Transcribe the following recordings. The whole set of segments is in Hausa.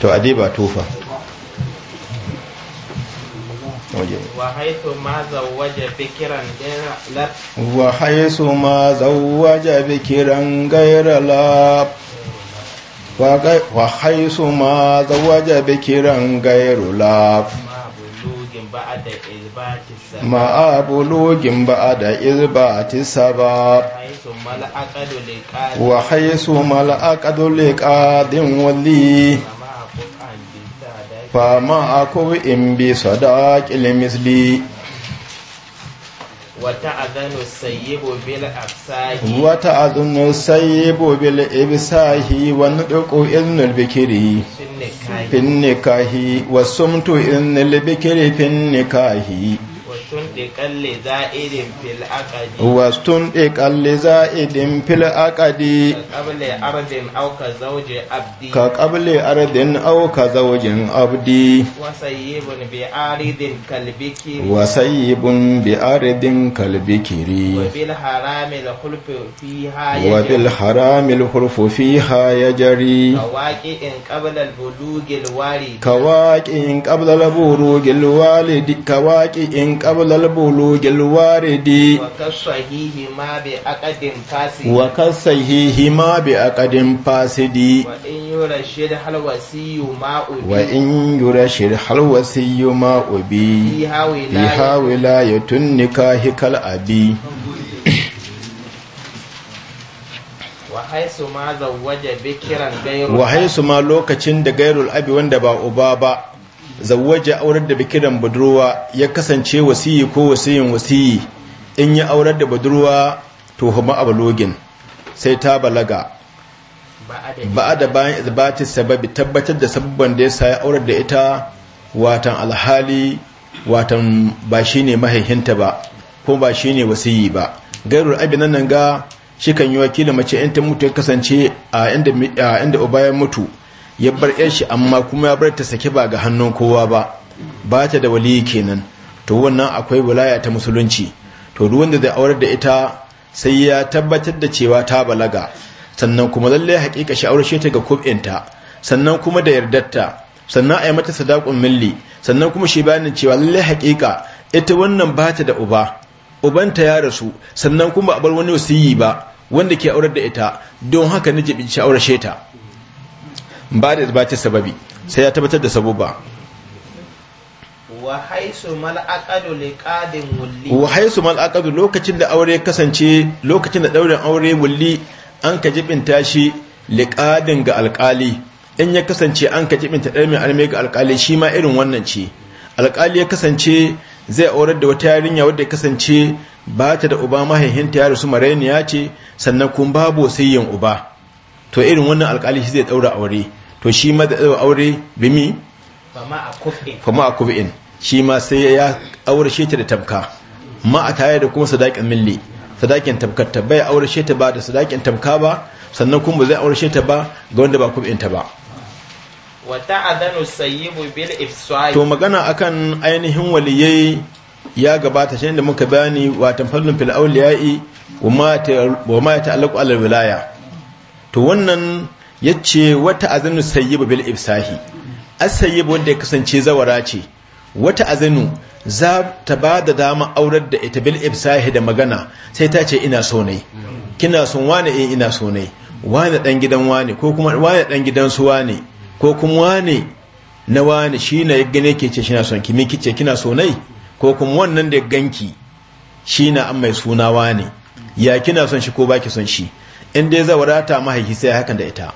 to a ba tufa wa ma kiran gaira wa ma kiran ma ba a da izbati sabab wa ma la'akadu wali fama a kowe in bi su da ƙilin misli wata azanu sayi bobil ibsahi wa nuduku ilnul bikiri finnikahi wa sumtu ilnul bikiri finnikahi wastun ɗe ƙalli za idin fil aƙadi ka ƙabli ardin auka zaujin abdi wasayibun bi ardin kalbikiri wa bil haramil hurfu fi ha ya jari ka waƙi in ƙablal buru gilwali ka waƙi in ƙablal بلوغ الوارد وكصحيهما بأقد فاسد وإن يرشد الوسي ما أبي فيها ولاية النكاح كالأبي haisu ma lokacin da gairul abi wanda ba uba ba zawaje aurar da bikiran budurwa ya kasance wasiyi ko wasiyin wasiyi in ya aurar da budurwa to huma abalogin sai ta balaga ba da bayan izbati sababi tabbatar da sabbin da ya sa ya aurar da ita watan alhali watan ba shine mahaihinta ba ko ba shine wasiyi ba gairul abinan nan ga shi kan yi wakilin mace in ta mutu ya kasance a inda uba ya mutu ya bar yan shi amma kuma ya bar ta sake ba ga hannun kowa ba ba ta da waliyi kenan to wannan akwai wilaya ta musulunci to duk wanda zai aurar da ita sai ya tabbatar da cewa ta balaga sannan kuma lalle hakika shi aure ta ga kubinta sannan kuma da yardarta sannan a yi mata sadakun milli sannan kuma shi bayanin cewa lalle hakika ita wannan ba ta da uba ubanta ya rasu sannan kuma a bar wani wasiyi ba wanda ke aurar da ita don haka na jibin shi aure ta ba da isbati sababi sai ya tabbatar da sabubba wa haisu mal lokacin da aure kasance lokacin da ɗaurin aure wulli an ka jibinta shi liqadin ga alkali in ya kasance an ka jibinta dalmi alme ga alkali shi ma irin wannan ce alkali ya kasance zai aurar da wata yarinya wadda ya kasance ba ta da uba mahaihinta ya rasu marainiya ce sannan kun babu sai yin uba to irin wannan alkali shi zai daura aure to shi ma da aure bimi fama a kuf'in shi ma sai ya aure shi ta da tamka ma a taya da kuma sadakin milli sadakin tamkar ta bai aure shi ta ba da sadakin tamka ba sannan kuma zai aure shi ta ba ga wanda ba kuf'in ta ba to magana akan ainihin waliyai ya gabata shi da muka bayani watan fallon fil auliyai wa ma ya ta'allaqu alal wilaya to wannan yace wata azanu sayyibu bil ibsahi as-sayyibu wanda ya kasance zawara ce wata azanu za ta ba da dama aurar da ita bil ibsahi da magana sai ta ce ina so ne kina son wani eh ina so ne wani dan gidan wani ko kuma wani dan gidan su wani ko kuma wani na wani shine ya gane ke ce shina son ki me kice kina so ne ko kuma wannan da ganki shine an mai suna wani ya kina son shi ko baki son shi in dai zai wadata mahaifi sai hakan da ita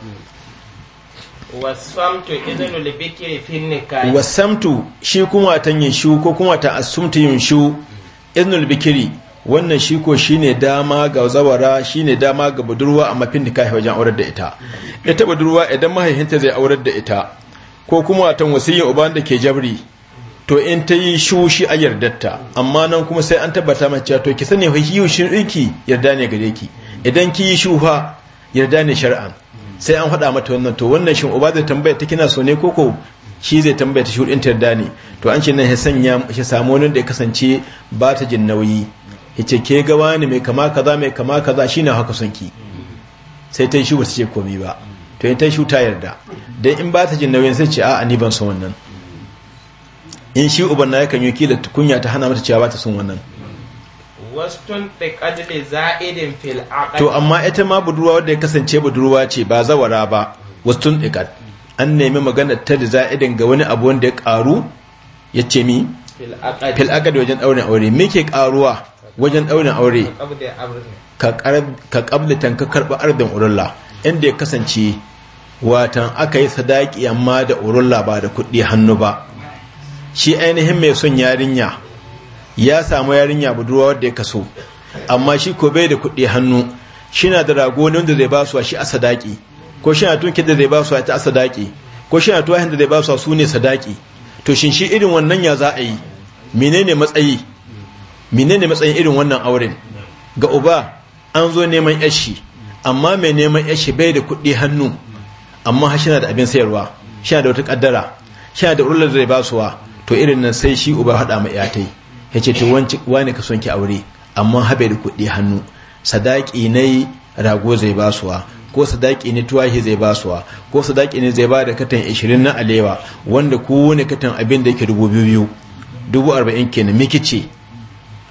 wasamtu shi kuma ta yin ko kuma ta asumtu yin shu iznul bikiri wannan shi ko ne dama ga zawara shi ne dama ga budurwa a mafin nikahi wajen aurar da ita ita budurwa idan mahaifinta zai aurar da ita ko kuma ta wasiyin uban da ke jabri to in ta yi shu shi a yardarta amma nan kuma sai an tabbata mace to ki sani hiyo shi ɗinki yarda ne gare ki idan ki yi shuha yarda ne shari'an sai an faɗa mata wannan to wannan shin uba zai tambaya ta kina so ne koko shi zai tambaya ta shuɗin ta yarda ne to an ce nan ya sanya shi samu wani da ya kasance ba ta jin nauyi ya ce ke gawa ne mai kama kaza mai kama kaza shi na haka son ki sai ta yi shi ba ce komi ba to in ta shu ta yarda don in ba ta jin nauyin sai ce a'a ni ban son wannan in shi uban na yakan yi kila kunya ta hana mata cewa ba ta son wannan wastun ɗiƙadli za'idin fil to amma ita ma budurwa wanda ya kasance budurwa ce ba zawara ba wastun kad an nemi magana ta da za'idin ga wani abu wanda ya ƙaru ya mi fil aqal wajen aure aure me ke karuwa wajen aure aure ka ƙablitan ka karba ardin urulla inda ya kasance watan aka yi sadaki amma da urulla ba da kuɗi hannu ba shi ainihin mai son yarinya ya samu yarinya budurwa wadda ya kaso amma shi ko bai da kuɗi hannu shi na da rago ne wanda zai ba su a shi a sadaki ko shi na tunki da zai ba su a ta a sadaki ko shi na tuwahin da zai ba su a su ne sadaki to shin shi irin wannan ya za a yi menene matsayi menene matsayin irin wannan auren ga uba an zo neman yashi amma mai neman yashi bai da kuɗi hannu amma shi na da abin sayarwa shi na da wata kaddara na da urlar da zai ba su wa to irin nan sai shi uba haɗa ma iyatai ya ce ta wani ka son ki aure amma haɓe da kuɗi hannu sadaki ne rago zai basuwa ko sadaki ne tuwahi zai basuwa ko sadaki ne zai ba da katan 20 na alewa wanda wani katan abin da yake dubu biyu dubu arba'in kenan miki ce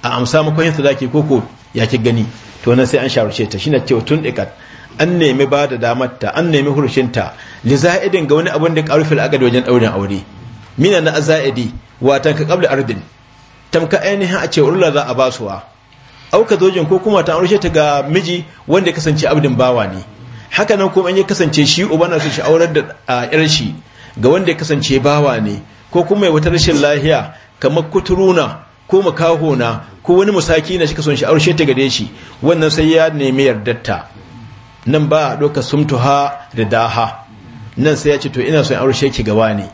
a amsa makon sadaki ko ko ya ki gani to nan sai an shawarce ta shine cewa tun ikat an nemi ba da damarta an nemi hurushinta li za'idin ga wani abin da ƙarfi al'agadi wajen ɗaurin aure mina na zaidi watan ka ƙabla ardin tamka ainihin a ce urla za a ba wa. auka zojin ko kuma ta aure ta ga miji wanda ya kasance abdin bawa ne haka nan kuma in ya kasance shi uba na su shi da yar shi ga wanda ya kasance bawa ne ko kuma ya wata rashin lahiya kamar kuturuna ko makahona ko wani musaki na shi kasance a aure ta gare shi wannan sai ya nemi yardarta nan ba a sumtuha da daha nan sai ya ce to ina son aure ki gawa ne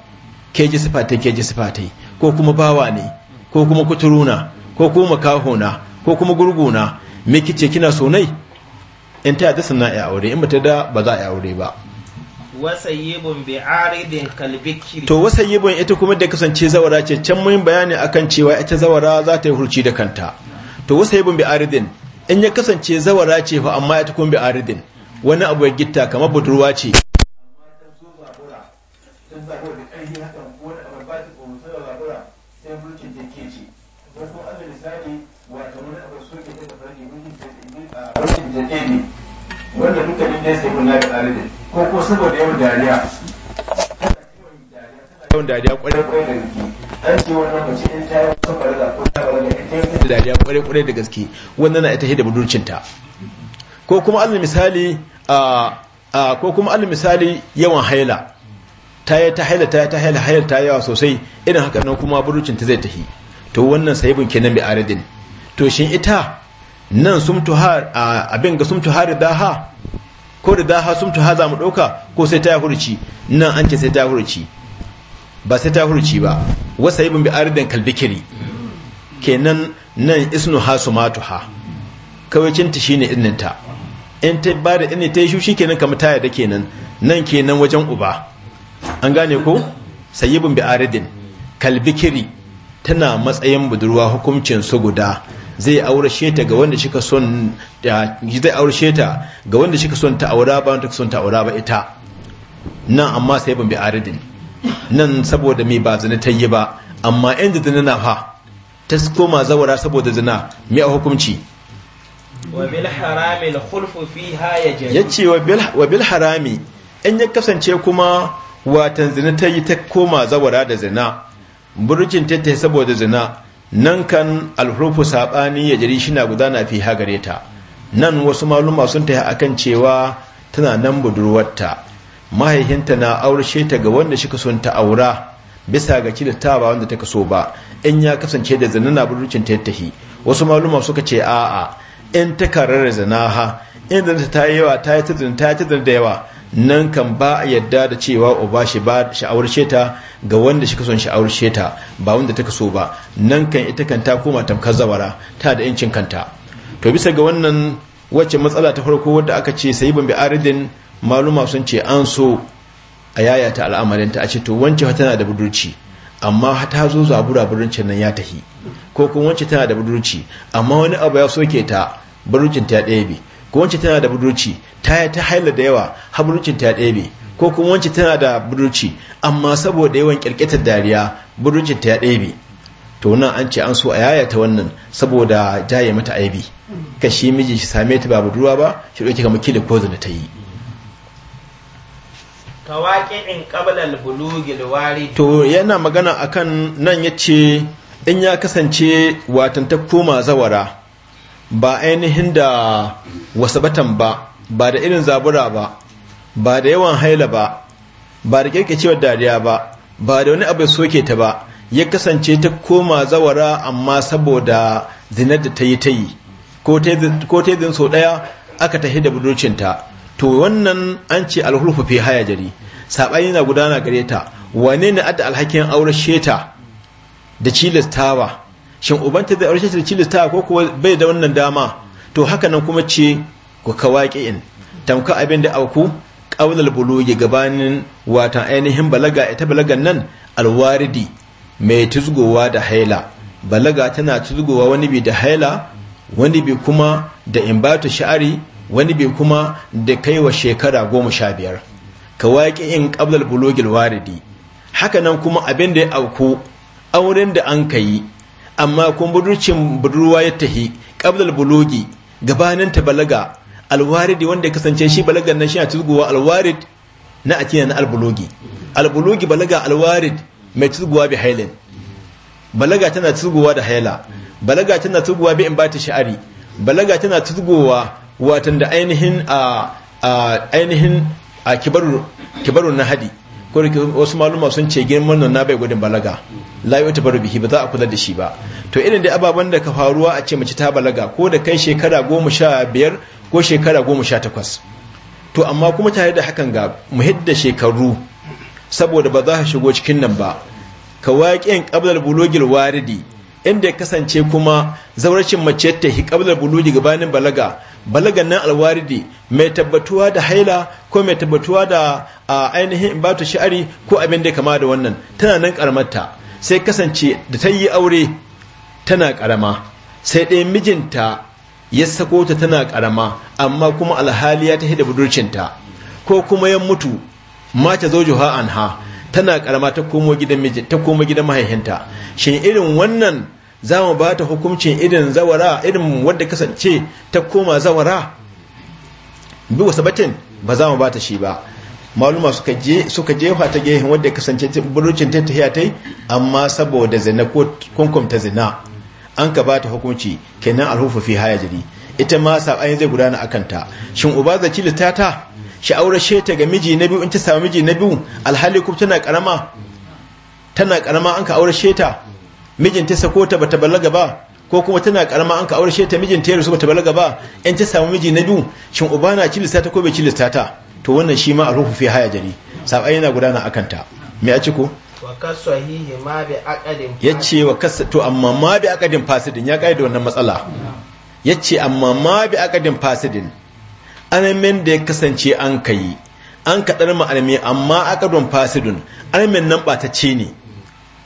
ke ji sifatai ke ji sifatai ko kuma bawa ne ko kuma kuturuna ko kuma kahona ko kuma gurguna me kice kina so nai in ta yadda sana ya aure in ba ta da ba za a aure ba wasayibun bi aridin kalbikiri to wasayibun ita kuma da kasance zawara ce can mun bayani akan cewa ita zawara za ta yi hurci da kanta to wasayibun bi aridin in ya kasance zawara ce fa amma ita kuma bi aridin wani abu ya gitta kamar budurwa ce ne sai kuna da tsarin ko yawan dariya dariya kwarai kwarai da gaske wannan dariya na ita hidda budurcinta ko kuma alal misali ko kuma alal misali yawan haila ta yi ta haila ta yi ta haila haila ta yawa sosai irin haka nan kuma budurcinta zai tahi to wannan sahibin kenan bi aradin to shin ita nan sumtu har abin ga sumtu har daha ko da daha sumtu haza mu dauka ko sai ta hurci nan an ce sai ta hurci ba sai ta hurci ba wasa ibn bi aridan kalbikiri kenan nan isnu ha kawacin ta shine innin ta in ta ba da inni ta yi shushi kenan kamar ta yarda kenan nan kenan wajen uba an gane ko sayyibun bi aridin kalbikiri tana matsayin budurwa hukuncin su guda zai aurashe ta ga wanda shika son da zai aurashe ta ga wanda shika son ta aura ba wanda son ta aura ba ita nan amma sai ban bi aridin nan saboda mai ba zina ta yi ba amma yan da zina na fa ta koma zawara saboda zina mai a hukunci ya ce wa bil harami in ya kasance kuma watan zina ta yi ta koma zawara da zina burkin ta ta saboda zina nan kan alhurufu saɓani ya jari shi na gudana fi hagare ta nan wasu maluma sun ta akan cewa tana nan budurwarta mahaihinta na aurshe ta ga wanda shi son ta aura bisa ga ta ba wanda ta so ba in ya kasance da zina na budurcin ta yattahi wasu maluma suka ce a'a in ta karar zina ha in zina ta yi yawa ta yi ta zina ta yi ta zina da yawa nan kan ba a yadda da cewa uba shi ba sha'awar sheta ga wanda shi kason sha'awar sheta ba wanda ta kaso ba nan kan ita kan ta koma tamkar zawara ta da yancin kanta to bisa ga wannan wacce matsala ta farko wanda aka ce sai ban bi aridin maluma sun ce an so a yayata ta. a ce to wance tana da budurci amma ta zo zabura budurcin nan ya tahi ko kuma wance tana da budurci amma wani abu ya soke ta budurcin ta ɗaya bi ko wance tana da budurci ta yi ta haila da yawa haburcin ta ɗebe ko kuma wance tana da budurci amma saboda yawan kirkitar dariya budurcin ta ɗebe to nan an ce an so a yaya ta wannan saboda jaye mata aibi ka shi miji shi same ta ba budurwa ba shi ɗauki kamar kili ko zana ta yi to yana magana akan nan ya ce in ya kasance watan ta koma zawara ba ainihin da wasabatan ba ba da irin zabura ba ba da yawan haila ba ba da kirkicewar dariya ba ba da wani abu soke ta ba ya kasance ta koma zawara amma saboda zinar da ta yi ta yi ko ta yi sau ɗaya aka tahi da budurcinta to wannan an ce alhulfu fi haya jari saɓani na gudana gare ta wane ne adda alhakin aure sheta da cilastawa shin ubanta zai aure ta ko kuwa bai da wannan dama to haka nan kuma ce ku in, tamka abin da auku ƙaunar bulugi gabanin watan ainihin balaga ita balagan nan alwaridi mai tuzgowa da haila balaga tana tuzgowa wani bi da haila wani bi kuma da imbatu sha'ari wani bi kuma da kaiwa shekara goma sha biyar in ƙaunar bulogin waridi haka nan kuma abin da ya auku auren da an ka yi amma kun budurcin budurwa ya tahi qablal bulugi gabanin ta balaga alwaridi wanda ya kasance shi balagar nan shi a tuzguwa alwarid na akina na albulogi albulogi balaga alwarid mai tuzguwa bi hailin balaga tana tuzguwa da haila balaga tana tuzguwa bi in ba ta sha'ari balaga tana tuzguwa watan da ainihin a ainihin a kibarun ko wasu maluma sun ce girman nan na bai gudun balaga Layi wata bar bihi ba za a kula da shi ba to irin da ababen da ka faruwa a ce mace ta balaga ko da kai shekara goma sha biyar ko shekara goma sha takwas to amma kuma tare da hakan ga muhidda shekaru saboda ba za a shigo cikin nan ba ka waƙin ƙabdar bulogil waridi inda ya kasance kuma zauracin mace ta hi ƙablar buluji gabanin balaga balagan nan alwaridi mai tabbatuwa da haila ko mai tabbatuwa da ainihin ta sha'ari ko abin da kama da wannan tana nan karamarta sai kasance da ta yi aure tana karama sai ɗaya mijinta ya sako ta tana karama amma kuma alhali ya tahi da budurcinta ko kuma ya mutu ma ta zo juha anha tana karama ta komo gidan mijin mahaihinta shin irin wannan za mu ba ta hukuncin irin zawara irin wadda kasance ta koma zawara bi wasu batin ba za mu ba ta shi ba maluma suka jefa ta gehen wadda kasance burucin ta tahiya ta amma saboda zina ko kunkumta zina an ka ba ta hukunci kenan alhufu fi haya jiri ita ma saɓani zai gudana a kanta shin uba zaci littata sha'aurar sheta ga miji na biyu in ta sami miji na biyu alhali kuma tana ƙarama tana an ka aure sheta mijinta ko ta bata balaga ba ko kuma tana karama an ka aure shi ta mijinta ya su bata balaga ba in ta samu miji na biyu shin uba na cilista ta ko bai cilista ta to wannan shi ma ruhu fi haya jari sabai yana gudana akan ta me a ci ko ya ce wa kasa to amma ma bi akadin fasidin ya kaida da wannan matsala ya ce amma ma bi akadin fasidin alamin da ya kasance an kai an kaɗar ma'almi amma akadun fasidun alamin nan ce ne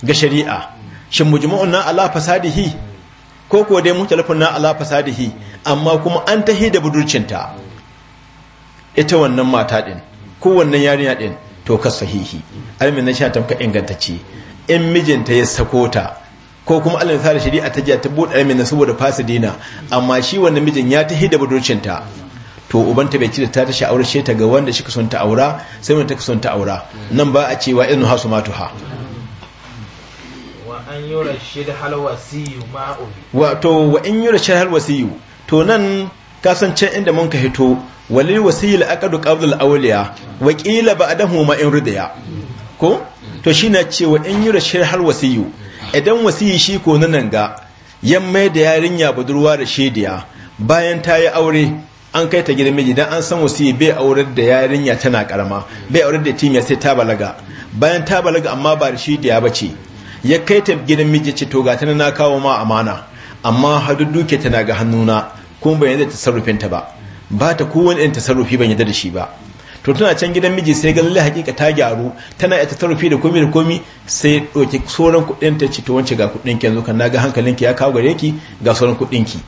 ga shari'a shin mujimu'un na ala fasadihi ko ko dai mutalafin na ala fasadihi amma kuma an tahi da budurcinta ita wannan mata din ko wannan yarinya din to ka sahihi almin na sha tamka ingantacce in mijinta ya sako ta ko kuma Allah ya shari'a ta jiya ta buɗe almin na saboda fasidina amma shi wannan mijin ya tahi da budurcinta to ubanta bai da ta ta aure ta ga wanda shi ka son ta aura sai wanda ta ka son ta aura nan ba a cewa inu hasu matuha wato wa in yi rashid to nan kasance inda mun ka hito walil wasiyil aqdu qabl al awliya wa qila ba'dahu ma in ridiya ko to shine cewa in yi rashid idan wasiyi shi ko nan ga yammai da yarinya budurwa da shediya bayan ta yi aure an kai ta gidan miji dan an san wasiyi bai aurar da yarinya tana karama bai aurar da timiya sai ta balaga bayan ta balaga amma ba da shediya bace ya kai ta gidan miji ce to ga ta na kawo ma amana amma duke tana ga hannuna kuma ba yadda tasarrufin ta ba ba ta kowane yin tasarrufi ban yadda da shi ba to tana can gidan miji sai ga lalle hakika ta gyaru tana iya tasarrufi da komi da komi sai ɗauki sauran kuɗin ta ce to wance ga kuɗin ki yanzu kan naga hankalin ki ya kawo gare ki ga sauran kuɗin ki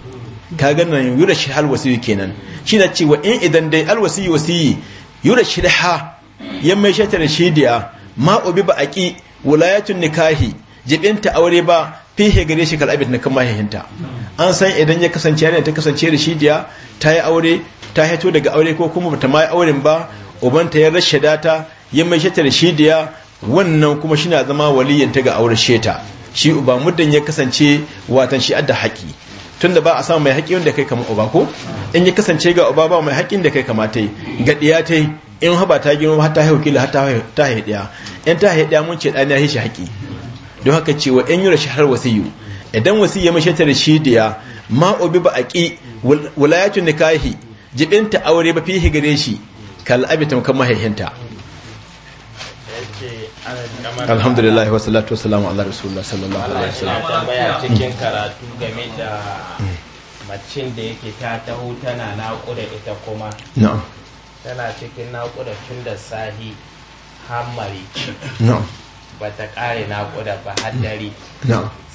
ka ga nan yura shi hal wasiyi kenan shi na cewa in idan dai al wasiyi wasiyi yura shi da ha ya mai shatar shidiya ma obi ba ki wilayatun nikahi jibinta aure ba fihe gare shi kal'abit na kan hihinta an san idan ya kasance yana ta kasance da shidiya ta yi aure ta haito daga aure ko kuma bata ma auren ba ubanta ya rashe data ya mai shata da shidiya wannan kuma shi na zama waliyyanta ga aure sheta shi uba muddin ya kasance watan shi adda haƙi tun da ba a samu mai haƙi wanda kai kama uba ko in ya kasance ga uba ba mai haƙin da kai kamata ga ɗiya ta in haba ta girma har ta haihu kila har ta haihu ɗaya. in ta haihu ɗaya mun ce ɗani ya shi haƙi don haka cewa in yura shahar wasiyu idan wasiya mashi ta rashidiya ma obi ba aqi walayatun nikahi jibinta aure ba fihi gare shi kal abitam kan mahaihinta alhamdulillah wa salatu wa salamu ala rasulullah sallallahu alaihi wasallam tambaya cikin karatu game da macin da yake ta taho tana naƙuda ita kuma na'am tana cikin naƙuda tun da sahi hammari na'am ba ta ƙare naƙuda ba har hmm. dare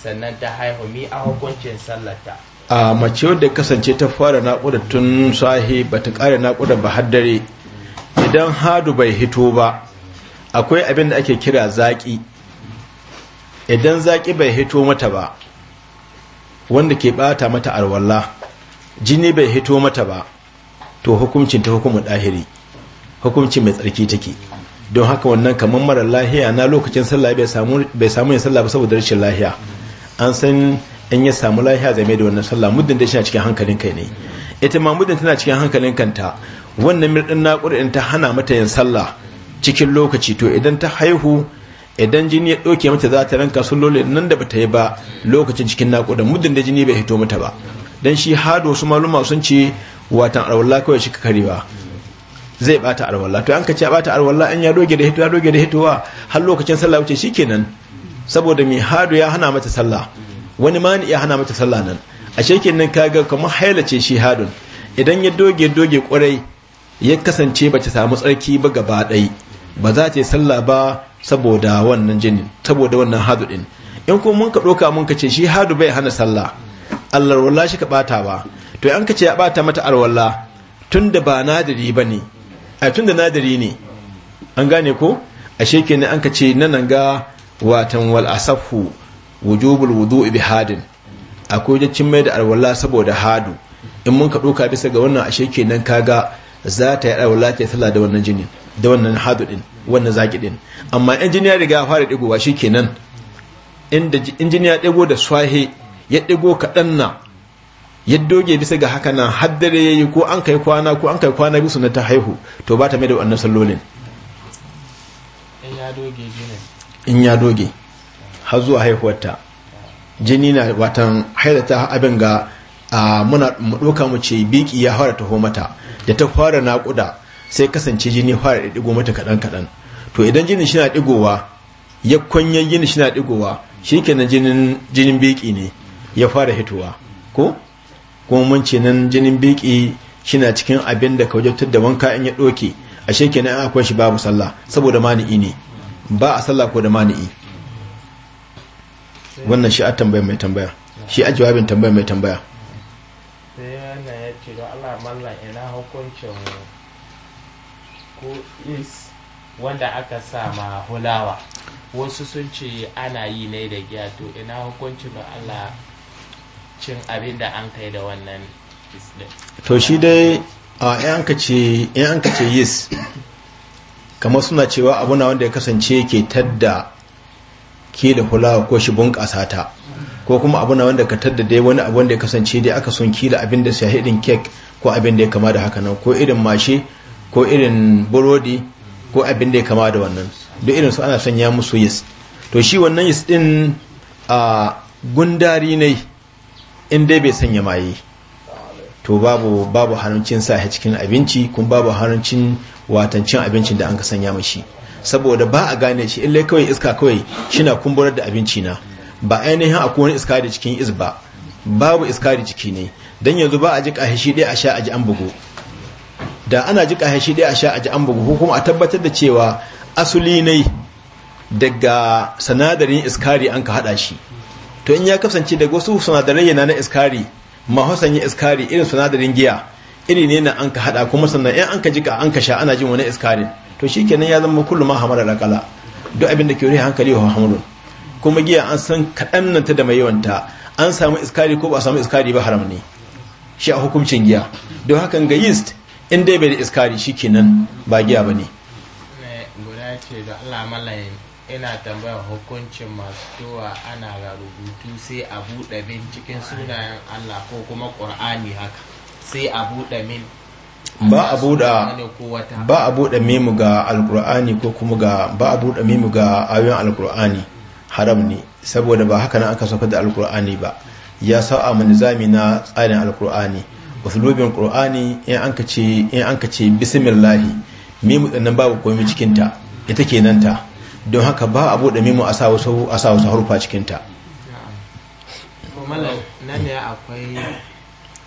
sannan ta haihu mi a hukuncin sallarta a mace wadda kasance ta fara naƙuda tun sahi ba ta ƙare naƙuda ba har dare idan hadu bai hito ba akwai abin da ake kira zaƙi idan zaƙi bai hito mata ba wanda ke bata mata alwala jini bai hito mata ba to hukuncin ta hukumin ɗahiri hukuncin mai tsarki take don haka wannan kamar marar lahiya na lokacin sallah bai samu yin sallah ba saboda rashin lahiya an san in ya samu lahiya zai da wannan sallah muddin da shi a cikin hankalin kai ne ita ma muddin tana cikin hankalin kanta wannan mirdin naƙurin ta hana mata yin sallah cikin lokaci to idan ta haihu idan jini ya ɗauke mata za ta ranka sallolin nan da ta yi ba lokacin cikin naƙuda muddin da jini bai hito mata ba don shi hado su maluma sun ce watan arwallah kawai shi karewa zai bata alwala to an ka ce bata alwala in ya doge da hitowa, doge da hitowa har lokacin sallah wuce shikenan saboda mi hadu ya hana mata sallah wani mani ya hana mata sallah nan a shekenan kaga kuma hailace shi hadun idan ya doge doge kwarai ya kasance ba samu tsarki ba gaba dai ba za ta yi sallah ba saboda wannan jinin saboda wannan hadu din in kuma mun ka doka mun ka ce shi hadu bai hana sallah Allah wallahi shi ka bata ba to an ka ce ya bata mata alwala tun da ba nadiri ba ne a tun da nadari ne an gane ko ashe kenan an ka ce nan ga watan wal asafu wujubul wudu bi hadin akwai cin mai da alwala saboda hadu in mun ka doka bisa ga wannan ashe ka ga. za ta yi alwala ta sallah da wannan jinin da wannan hadu din wannan zaki din amma injiniya riga ya fara digowa nan? inda injiniya digo da swahe ya digo kaɗan na ya doge bisa ga haka nan haddare ya yi ko an kai kwana ko an kai kwana bisu na ta haihu to ba ta mai da wannan sallolin in ya doge har zuwa haihuwarta jini na watan haidata abin ga muna ɗauka mu ce biki ya fara taho mata da ta fara naƙuda sai kasance jini fara digo mata kaɗan kaɗan to idan jini shi na ɗigowa ya kwanyen jini shi na ɗigowa shi kenan jinin biki ne ya fara hitowa ko kuma mun ce nan jinin biki na cikin abin da wajabtar da wanka in ya doke ashe kenan akwai shi babu sallah saboda mani'i ne ba a sallah ko da mani'i wannan shi a tambaya mai tambaya shi a jawabin tambaya mai tambaya ce ina hukuncin wanda aka sama hulawa wasu sun ce ana yi ne da giya to ina hukuncin da Allah cin abin da an kai da wannan to shi dai a yan ka ce yis kamar suna cewa abuna wanda ya kasance ke tadda ke da hulawa ko shi bunƙasa ta ko kuma abuna wanda ka tadda dai wani abu wanda ya kasance dai aka son kila abin da shahidin kek ko abin da ya kama da haka nan ko irin mashi ko irin burodi ko abin da ya kama da wannan duk irin su ana son ya musu yis. to shi wannan yis din a gundari ne in dai bai sanya maye to babu babu hanuncin sa cikin abinci kun babu hanuncin watancin abincin da an ka sanya mashi saboda ba a gane shi in kawai iska kawai shina kumburar da abinci na ba ainihin akwai wani iska da cikin is ba babu iska da ciki ne dan yanzu ba a ji kahishi dai a sha a an bugu da ana ji kahishi dai a sha a an bugu ko kuma a tabbatar da cewa asuli ne daga sanadarin iskari an ka hada shi to in ya kasance daga wasu sinadarai yana na iskari mahasan yi iskari irin sanadarin giya iri ne na an ka hada kuma sannan in an ka jika an ka sha ana jin wani iskarin to shi kenan ya zama kullum ma hamara rakala duk abin da ke wuri hankali wa hamaru kuma giya an san kaɗan nan ta da mai yawanta an samu iskari ko ba samu iskari ba haram ne shi a hukuncin giya don hakan ga yeast in dai bai da iskari kenan ba giya ba ne ina tambayar hukuncin masu cewa ana ga rubutu sai a buɗe min cikin sunayen Allah ko kuma ƙur'ani haka sai a buɗe min ba a buɗe ba a buɗe mimu ga alƙur'ani ko kuma ga ba a buɗe mimu ga ayoyin alƙur'ani haram ne saboda ba haka na aka saukar da alƙur'ani ba ya sa'a mu zami na tsarin alƙur'ani usulubin ƙur'ani in an ka ce in an ka mimu ɗin nan babu komai cikin ta ita kenan ta don haka ba a buɗe mimu a sa wasu harufa cikinta nan ne akwai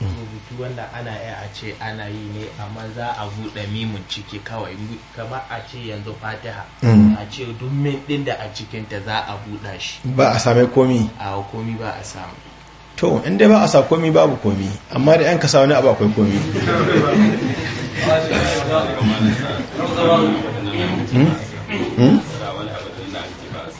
rubutu wanda ana yi a ce ana yi ne amma za a buɗe mimun ciki kawai kamar a ce yanzu fatiha mm. a ce duk min ɗin da a cikinta za a buɗa shi ba a same komi a komi ba a samu to inda ba a sa komi babu komi amma da yan kasa wani abu akwai komi Hmm? hmm?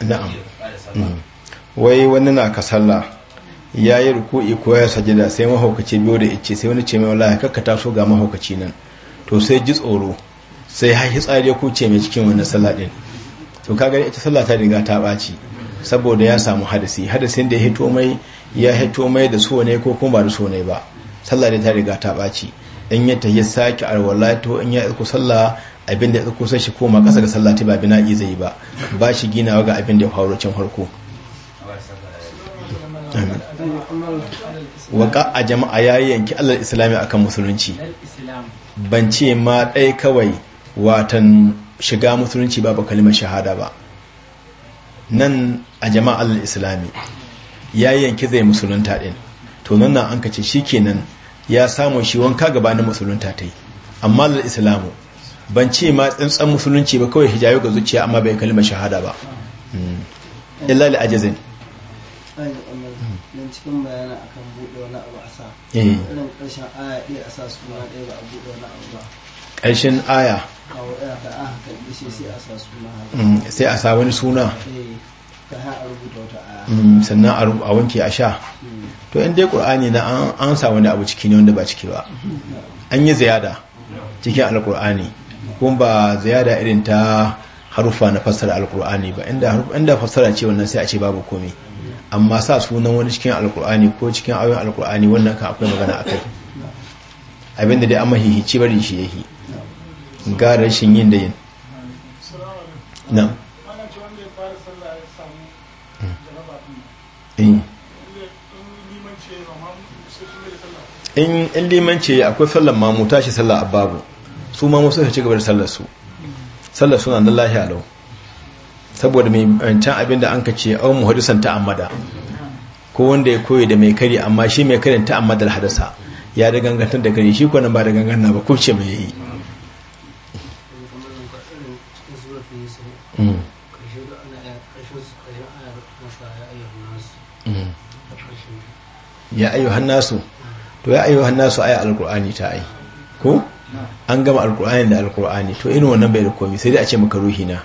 na'am mm. wai wani na ka sallah ya yi ruku'i ko ya sajida sai mahaukaci biyo da ice sai wani ce mai wallahi kakka taso ga mahaukaci nan to sai ji tsoro sai hi tsari ko ce mai cikin wannan sallah din to gani ita sallah ta riga ta baci saboda ya samu hadasi hadasin da ya hito mai ya hito mai da so ne ko kuma ba da so ne ba sallah da ta riga ta baci in ya ta ya sake arwala to in ya iku sallah abin da ya ɗauko sai shi koma ƙasa ga sallati ba iya zai yi ba ba shi ginawa ga abin da ya faru can harko. waka a jama'a ya yanki allar islami akan musulunci ban ce ma ɗai kawai watan shiga musulunci ba ba kalimar shahada ba nan a jama'a allar islami ya yanki zai musulunta ɗin to nan na an kace ce shi kenan ya samu shi wanka gabanin musulunta ta yi amma allar islamu ban ce ma tsantsan musulunci ba kawai hijabi ga zuciya amma bai kalmar shahada ba hmm. illa li ajazin karshen eh. aya a suna ƙarshen aya hmm, sai a sa wani suna eh, hmm, sannan a wanke a sha to in dai ƙur'ani na an sa wani abu ciki ne wanda ba ciki ba an yi ziyada cikin alƙur'ani Ko ba ziyada irin ta harufa na fassara alkur'ani ba inda fassara ce wannan sai a ce babu komai amma sa sunan wani cikin alkur'ani ko cikin ayoyin alkur'ani wannan ka akwai magana a kai abinda dai amma hihici bari shi yahi ga rashin yin da yin hmm. eh. in limanci akwai sallar mamu tashi sallah babu su ma wasu suka ci gaba da sallar su sallar suna nan lahiya lau saboda mai can abin da an ka ce an muhadisan ta'ammada ko wanda ya koyi da mai kari amma shi mai karin da hadasa ya da gangantar da kare shi nan ba da ganganna ba kuce mai yi mm. mm. ya ayyuhan nasu to ya ayyuhan nasu ayi alkur'ani ta ai ko an gama alkur'ani da alkur'ani to irin wannan bai da komi sai dai a ce maka ruhi na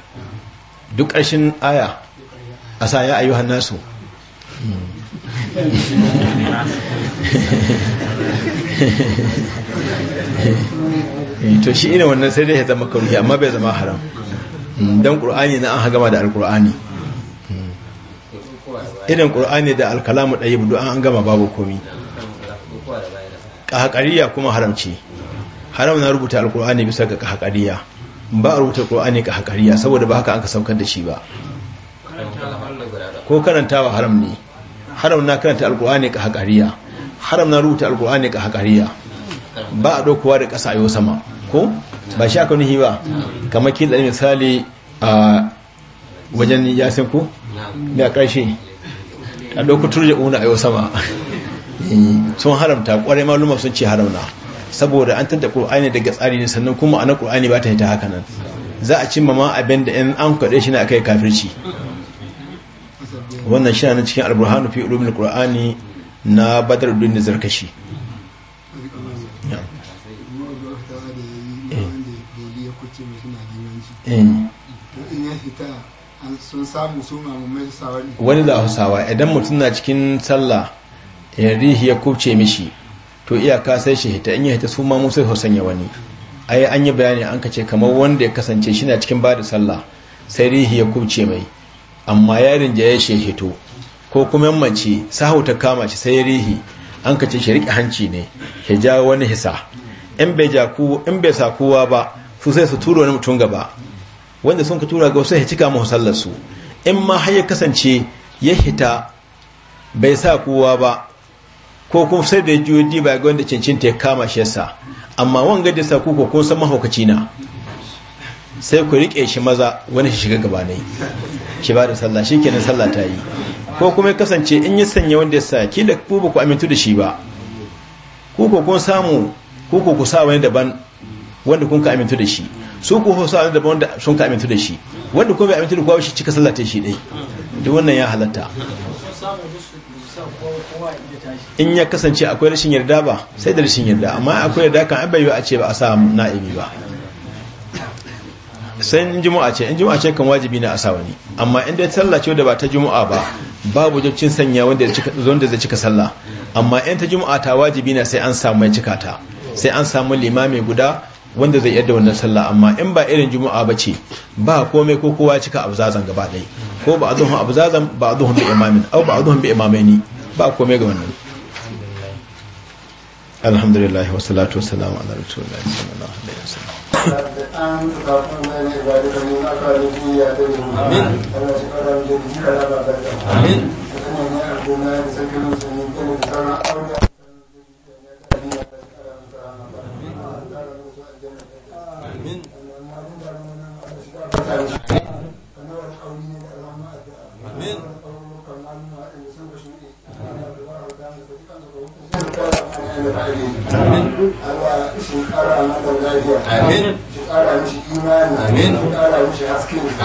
duk ƙarshen aya a sa ya ayyuhan nasu hmm. to shi ina wannan sai dai ya zama ruhi amma bai zama haram hmm, don ƙur'ani na an gama da alƙur'ani hmm. irin ƙur'ani da alkalamu ɗaya budu an gama babu komi ƙaƙariya kuma haramci haram na rubuta alkur'ani bisa ga haƙariya ba a rubuta alkur'ani ga hakariya saboda ba haka an ka saukar da shi ba ko karantawa haram ne haram na karanta alkur'ani ga hakariya haram na rubuta alkur'ani ga hakariya ba a dokowa da ƙasa yau sama ko ba shi aka nuhi ba kamar kin da misali a wajen yasin ku ga ƙarshe a ɗauko turje una a yau sama eh, sun haramta ƙwarai malumar sun ce haram na saboda an tanta qur'ani daga tsari ne sannan kuma ana ƙul'ani ba ta yi ta haka nan za a cimma ma abin da yan an kwaɗe shi ne akai kafirci wannan shi nan cikin alburhanu fi ulumin ƙul'ani na duniya zarkashi eh. eh. wani da hausawa idan mutum na cikin sallah ya rihi ya kubce mishi to iyaka sai shi hita in ya hita su ma mu sai sanya wani ai an yi bayani an kace kamar wanda ya kasance shi na cikin bada sallah sai rihi ya kubce mai amma yarin da ya shi hito ko kuma mace sahu ta kama shi sai rihi an kace shi rike hanci ne ya ja wani hisa in bai sa kowa ba su sai su tura wani mutum gaba wanda sun ka tura ga sai ya cika mu sallar su in ma har ya kasance ya hita bai sa kowa ba ko kun sai da ya di diba ga wanda cincinta ya kama shi sa amma wanga da sa kuka kun san mahaukaci na sai ku rike shi maza wani shi shiga gaba ne shi ba da sallah shi kenan sallah ta yi ko kuma kasance in yi sanya wanda ya sa ki da ku ba ku amintu da shi ba ku ko kun samu ku ko ku sa wani daban wanda kun ka amintu da shi su ku ho sa wani daban wanda sun ka amintu da shi wanda kun bai amintu da kowa shi cika sallah ta shi dai duk wannan ya halatta in ya kasance akwai rashin yarda ba sai da rashin yarda amma akwai yarda kan abayi a ce ba a sa na'ibi ba sai in juma'a ce in juma'a ce kan wajibi na a sa wani amma in dai sallah ce ba ta juma'a ba babu jocin sanya wanda zai cika sallah amma in ta juma'a ta wajibi na sai an samu ya cika ta sai an samu limami guda wanda zai yadda wannan sallah amma in ba irin juma'a ba ce ba komai ko kowa cika abzazan gaba ɗaya ko ba a zuhun abzazan ba a zuhun bi imamin au ba a zuhun bi imamaini ba komai ga wannan alhamdulillah wa salatu wa salamu ala sallallahu alaihi amin amin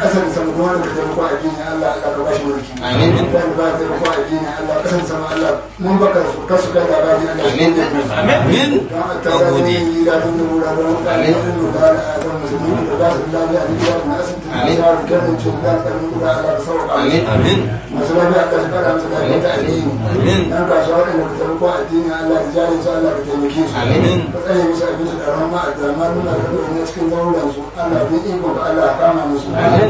kasar sama duk wanda ka taimako a dini Allah ka karba shi mulki amin dan ba ta taimako a dini Allah kasar sama Allah mun baka su kasu da labari Allah amin amin ta gode da tun da mura da mun amin da da da musulmi da da Allah ya yi da na asin amin da da mun tun da da mun da Allah ka sauka amin amin musulmi ka fara musu da amin amin da da da amin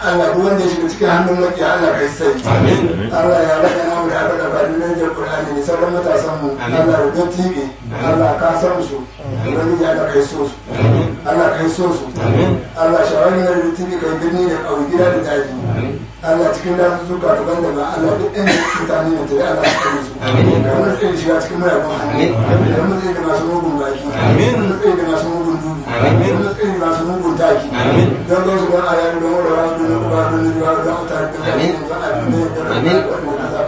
Allah duk wanda ya shiga cikin hannun maki Allah kai sai Allah ya raka na wuri abada ba da nan jar Qur'ani ne sauran matasan mu Allah ya ga TV Allah ka san su ubangiji Allah kai so su Allah kai so su Allah shawarin da TV kai birni da kauye gida da daji Allah cikin da su ka daban da ba Allah duk inda mutane ne tare Allah ka musu amin mun sai shiga cikin mu ya ba amin mun sai da masu mugun baki amin mun sai da masu mugun dubi don in ba su ki don don su a yayin don wani wani don wani don wani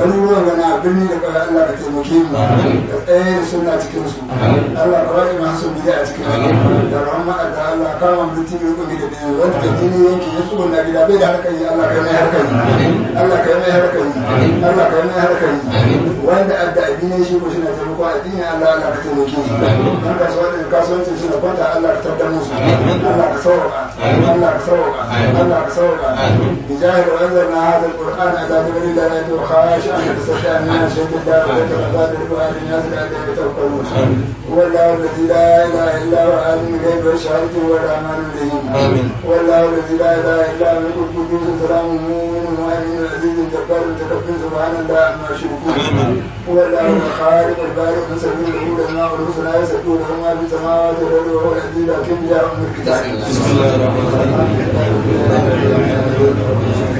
garuruwan gana birni da kwaya Allah ka taimake mu da tsaye da suna cikin su Allah ka ra'i masu bida a cikin su da rahama da Allah ka ma mutum ya kuma da biyu wanda ka dini yanki ya tsubun na gida bai da harkar yi Allah ka yi mai harkar yi Allah ka yi mai harkar yi Allah ka yi mai harkar yi wanda adda addini shi ko shi na taimako addini Allah Allah ka taimake shi dan kasuwa da kasuwanci suna kwanta Allah ka tabbatar musu Allah ka sauka Allah ka sauka Allah ka sauka bijahil wa anzalna hadha al-qur'ana ala jabalin la yadurkhash أن إلا لا الذي لا إله إلا هو عالم الغيب والشهادة والأعمال بهم والله الذي لا إله إلا هو كل القدوس سلام المؤمن المؤمن العزيز الجبار المتكبر سبحان الله عما يشركون هو الله الخالق البارئ من سبيل الأولى ما والحسنى يسجدون له ما في السماوات والأرض وهو الذي لكن جاءهم الكتاب بسم الله الرحمن الرحيم